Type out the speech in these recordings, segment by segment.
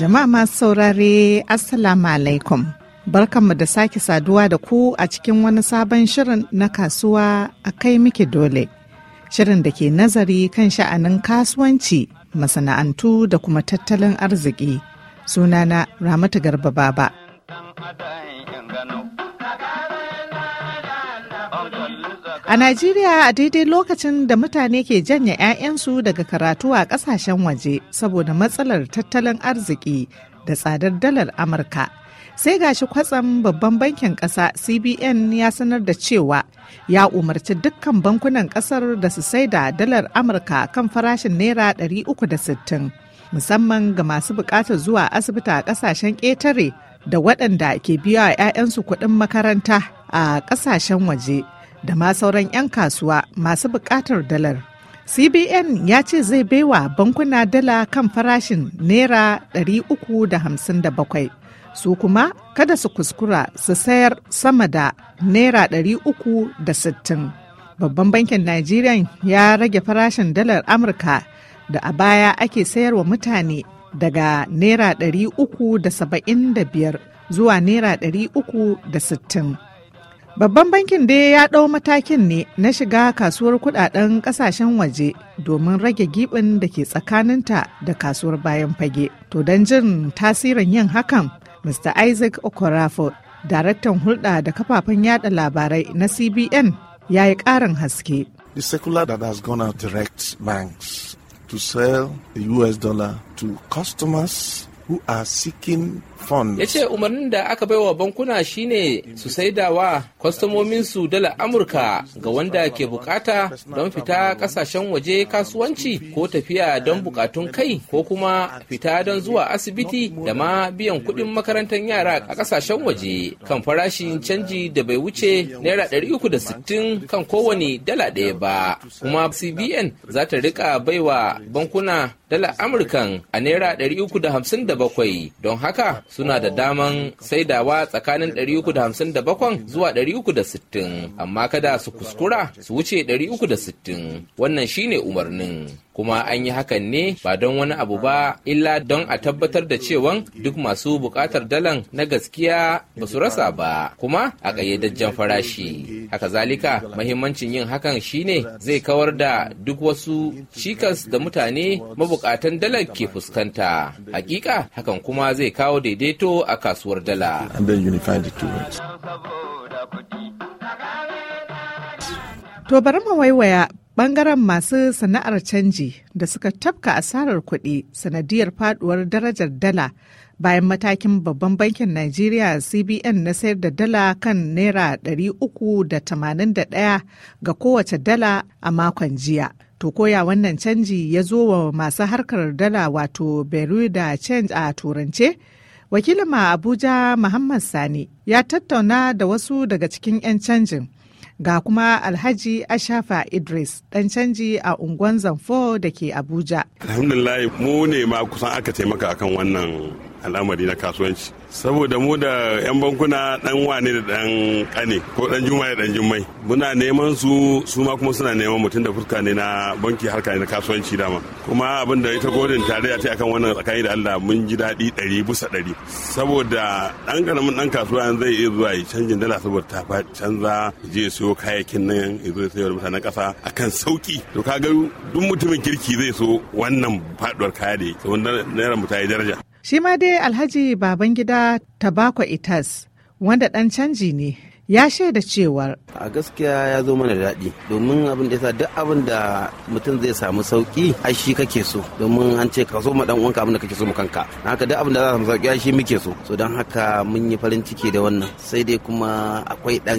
Jama'a masu saurare Assalamu alaikum. Barkanmu da sake saduwa da ku a cikin wani sabon shirin na kasuwa a kai miki dole. Shirin da ke nazari kan sha'anin kasuwanci, masana'antu da kuma tattalin arziki. Sunana Ramatu Garba Baba. A Najeriya a daidai lokacin da mutane ke janye 'ya'yansu daga karatu a ƙasashen waje saboda matsalar tattalin arziki da tsadar dalar Amurka. Sai gashi kwatsam babban bankin ƙasa CBN ya sanar da cewa ya umarci dukkan bankunan ƙasar da su sai da dalar Amurka kan farashin Naira 360 musamman ga masu buƙatar zuwa asibiti a ƙasashen ƙetare da waɗanda ke biya 'ya'yansu kuɗin makaranta a ƙasashen waje. da ma sauran 'yan kasuwa masu bukatar dalar. CBN ya ce zai baiwa bankuna dala kan farashin Naira 357. Su kuma kada su kuskura su sayar sama da Naira 360. Babban bankin Najeriya ya rage farashin dalar Amurka da a baya ake sayar wa mutane daga Naira 375 zuwa Naira 360. Babban bankin dai ya ɗau matakin ne na shiga kasuwar kudaden kasashen waje domin rage gibin da ke tsakaninta da kasuwar bayan fage. To don jin tasirin yin hakan, Mr. Isaac Okorafo, daraktan hulɗa da kafafen yada labarai na CBN, ya yi ƙarin haske. The secular that has gone out direct banks to sell the US dollar to customers who are seeking ya ce umarnin da aka baiwa bankuna shine su saida wa kwastomominsu dala amurka ga wanda ke bukata don fita kasashen waje kasuwanci ko tafiya don bukatun kai ko kuma fita don zuwa asibiti da ma biyan kuɗin makarantar yara a kasashen waje kan farashin canji da bai wuce naira ɗari uku da sittin kan kowane dala ɗaya ba kuma cbn za ta rika baiwa bankuna dala amurkan a naira bakwai, don haka suna da daman saidawa tsakanin 357 zuwa 360 amma kada su kuskura su wuce 360 wannan shine umarnin kuma an yi hakan ne ba don wani abu ba illa don a tabbatar da cewan duk masu buƙatar dalan na gaskiya ba su rasa ba kuma a ƙayyadajjen farashi haka zalika mahimmancin yin hakan shine zai kawar da duk wasu cikas da mutane mabukatan dalar ke fuskanta hakika hakan kuma zai kawo daidaito a kasuwar dala To bari mu waiwaya Bangaren masu sana'ar canji da suka tafka asarar kuɗi sanadiyar faduwar darajar dala bayan matakin babban bankin Najeriya CBN na sayar da dala kan Naira 381 ga kowace dala a makon jiya. To koya wannan canji ya zo wa masu harkar dala wato da Change a turance? Wakilin ma Abuja Muhammad Sani ya tattauna da wasu daga cikin 'yan canjin. Ga kuma Alhaji Ashafa Idris ɗan canji a unguwan Zamfo da ke Abuja. Alhamdulillah mu ne ma kusan aka taimaka akan wannan al'amari na kasuwanci saboda mu da 'yan bankuna dan wane da dan kane ko dan juma da dan jummai muna neman su su ma kuma suna neman mutum da fuska ne na banki harka ne na kasuwanci dama kuma abin da ita godin tarayya ta akan wannan tsakani da Allah mun ji daɗi ɗari bisa ɗari saboda dan karamin dan kasuwa zai iya zuwa yi canjin dala saboda ta canza je siyo kayayyakin nan ya zo sayar mutanen ƙasa akan sauki to kaga duk mutumin kirki zai so wannan faduwar kaya da yake wanda naira mu ta yi daraja Shi ma dai Alhaji Babangida Tabakwa Itas, wanda ɗan canji ne, ya shaida cewar a gaskiya ya zo mana daɗi domin abin da yasa duk abin da mutum zai samu sauki a shi kake so domin an ce ka so ma dan uwanka abin da kake so mu kanka haka duk abin da za samu sauki a shi muke so so don haka mun yi farin ciki da wannan sai dai kuma akwai dan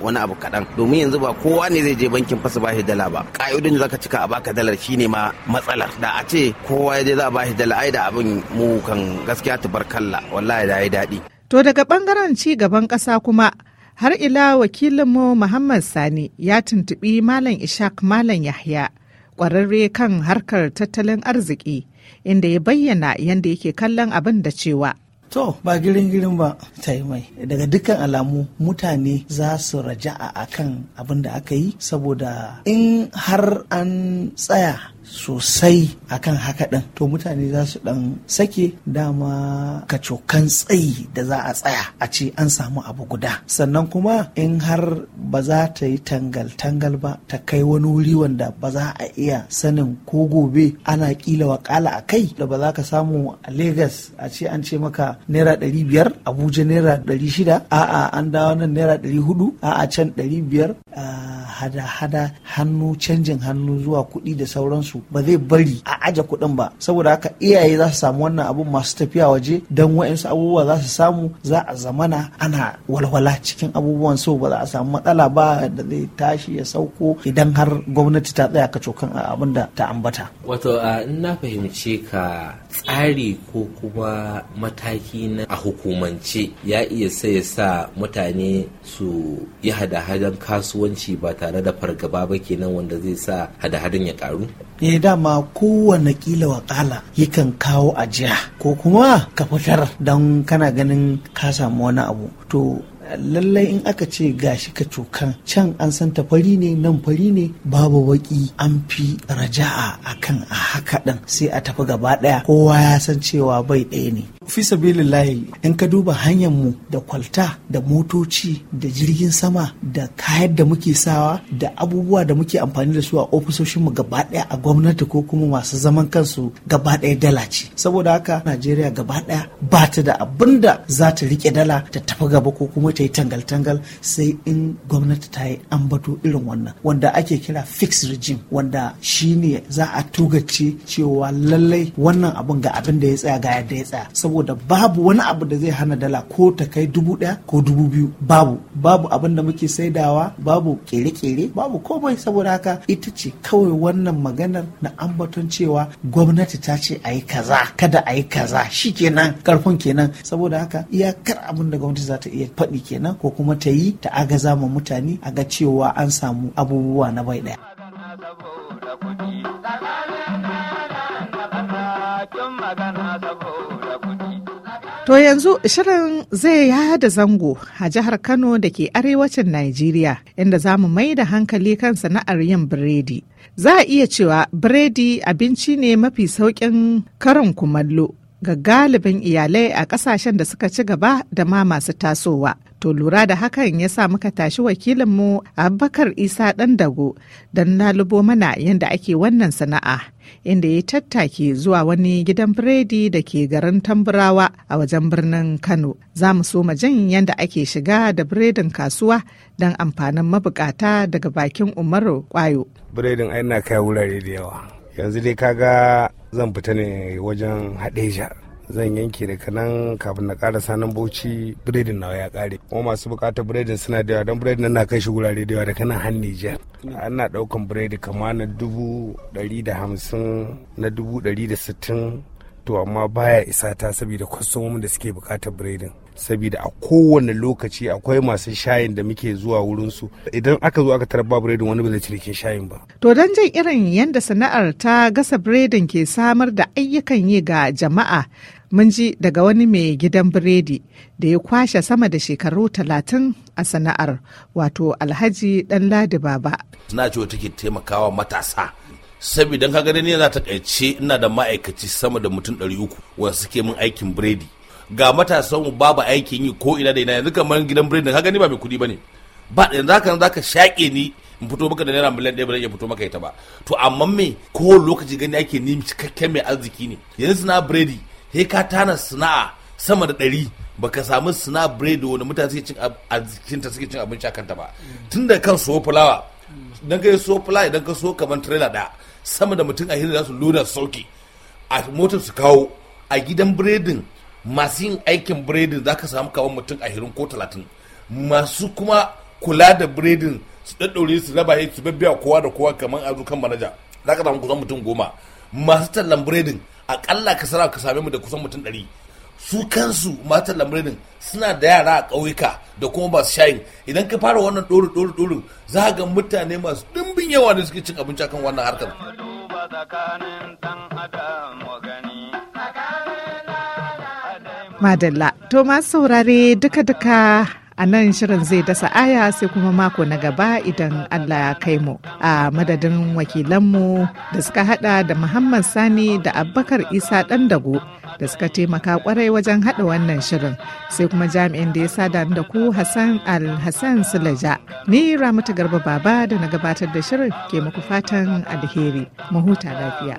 wani abu kaɗan domin yanzu ba kowa ne zai je bankin fasa bashi dala ba ka'idodin da zaka cika a baka dalar shine ma matsalar da a ce kowa ya je za a bashi dala ai da abin mu kan gaskiya tabarkalla wallahi da ya daɗi To daga bangaren ci gaban ƙasa kuma har ila wakilinmu muhammad sani ya tuntubi malam ishaq malam yahya ƙwararre kan harkar tattalin arziki inda ya bayyana yadda yake kallon abin da cewa To ba girin-girin ba ta yi mai. Daga dukkan alamu mutane za su raja'a a kan abin da aka yi saboda in har an tsaya sosai akan haka ɗin to mutane za su ɗan sake dama kacokan tsayi da za a tsaya a ce an samu abu guda sannan kuma in har ba za ta yi tangal-tangal ba ta kai wani wuri wanda ba za a iya sanin ko gobe ana kila wakala a kai da ba za ka samu a Legas a ce an ce maka naira ɗari biyar abuja naira ɗari shida a'a an dawo nan naira ɗari hudu a'a can ɗari biyar ah, hada-hada hannu canjin hannu zuwa kuɗi da sauransu su ba zai bari a aje kuɗin ba saboda haka iyaye za su samu wannan abun masu tafiya waje don wa'insu abubuwa za su samu za a zamana ana walwala cikin abubuwan so ba za a samu matsala ba da zai tashi ya sauko idan har gwamnati ta tsaya ka cokan abin da ta ambata. Wato in na fahimce ka tsari ko kuma mataki na a hukumance ya iya sai sa mutane su yi hada-hadan kasuwanci ba tare da fargaba ba kenan wanda zai sa hada-hadan ya karu? ne eh, dama kowane kila wakala yakan kawo ajiya ko kuma ka fitar don kana ganin ka samu wani abu to lallai in aka ce gashi ka cokan can an san ta fari ne nan fari ne babu waki an fi raja'a akan a haka ɗin sai a tafi gaba ɗaya kowa ya san cewa bai ɗaya ne fi sabilillahi in ka duba hanyar mu da kwalta da motoci da jirgin sama da kayan da muke sawa da abubuwa da muke amfani da su a ofisoshin mu gaba daya a gwamnati ko kuma masu zaman kansu gaba daya dala ce saboda haka Najeriya gaba daya ba ta da abin da za ta rike dala ta tafi gaba ko kuma ta yi tangal-tangal sai in gwamnati ta yi ambato irin wannan wanda ake kira fixed regime wanda shine za a tugace cewa lallai wannan abin ga abin da ya tsaya ga yadda ya tsaya saboda babu wani abu da zai hana dala ko ta kai dubu ɗaya ko dubu biyu babu babu abin da muke saidawa babu kere-kere babu komai saboda haka ita ce kawai wannan maganar na ambaton cewa gwamnati ta ce a yi kaza kada a yi kaza shi kenan karfin kenan saboda haka iyakar abin da gwamnati za ta iya faɗi kenan ko kuma ta yi ta agaza ma mutane a ga cewa an samu abubuwa na bai ɗaya. To yanzu shirin zai da zango a jihar Kano da ke arewacin Najeriya inda za mu mai da hankali kan sana'ar yin biredi. Za a iya cewa biredi abinci ne mafi sauƙin karin kumallo ga galibin iyalai a ƙasashen da suka ci gaba da ma masu tasowa. To lura da hakan ya sa muka tashi wakilinmu Abubakar Isa ɗan dago don lalubo mana yadda ake wannan sana'a inda ya tattake zuwa wani gidan biredi da ke garin Tamburawa a wajen birnin Kano. Za mu so jin yadda ake shiga da biredin kasuwa don amfanin mabukata daga bakin Umaru Kwayo. Biredin ai na kai wurare da yawa. Yanzu dai kaga zan fita ne wajen Hadeja. zan yanke da nan kafin na ƙara sanan bauchi biredin nawa ya kare kuma masu bukatar biredin suna da yawa don biredin na kai shi gurare da yawa daga nan har Nijar ana daukan biredi kama na dubu dari da hamsin na dubu dari da sittin to amma baya isa ta saboda kwastomomin da suke bukatar biredin saboda a kowane lokaci akwai masu shayin da muke zuwa wurin su idan aka zo aka tarba biredin wani ba zai cinikin shayin ba. To don jin irin yadda sana'ar ta gasa biredin ke samar da ayyukan yi ga jama'a mun ji daga wani mai gidan biredi da ya kwashe sama da shekaru talatin a sana'ar wato alhaji dan ladi baba na ce take taimakawa matasa saboda ka gani yana takaice ina da ma'aikaci sama da mutum ɗari uku wanda suke min aikin biredi ga matasan mu babu aikin yi ko ina da ina yanzu kamar gidan biredi ka gani ba mai kuɗi ne ba yanzu haka zaka shaƙe ni in fito maka da naira miliyan ɗaya ba zan iya fito maka ita ba to amma me ko lokaci gani ake nemi cikakken mai arziki ne yanzu na biredi he ka tana sana'a sama da ɗari baka samu sana'a bread wanda mutane suke cin a ta suke cin abinci a kanta ba tun da kan so fulawa dan ka so fulawa idan ka so kamar trailer da sama da mutum a hira za su loda sauki a motar su kawo a gidan biredin masu yin aikin biredin za ka samu kawon mutum a hirin ko talatin masu kuma kula da biredin su ɗaɗɗaure su raba su babbiya kowa da kowa kamar azukan manaja za ka samu kusan mutum goma masu tallan biredin akalla ka sara ka same mu da kusan mutum ɗari su kansu matan lamurinin suna da yara a ƙauyuka da kuma masu shayin idan ka fara wannan ɗorin ɗorin ɗorin za ga mutane masu ɗimbin yawa ne suke cin abinci akan wannan harkar. Madalla, to masu saurare duka-duka a nan shirin zai dasa aya sai kuma mako na gaba idan allah ya kai mu a madadin wakilanmu da suka hada da muhammad sani da Abubakar isa dan dago da suka taimaka kwarai wajen hada wannan shirin sai kuma jami'in da ya sada da ku hassan al-hassan sulaja ni ramatu garba baba da na gabatar da shirin ke muku fatan alheri mu huta lafiya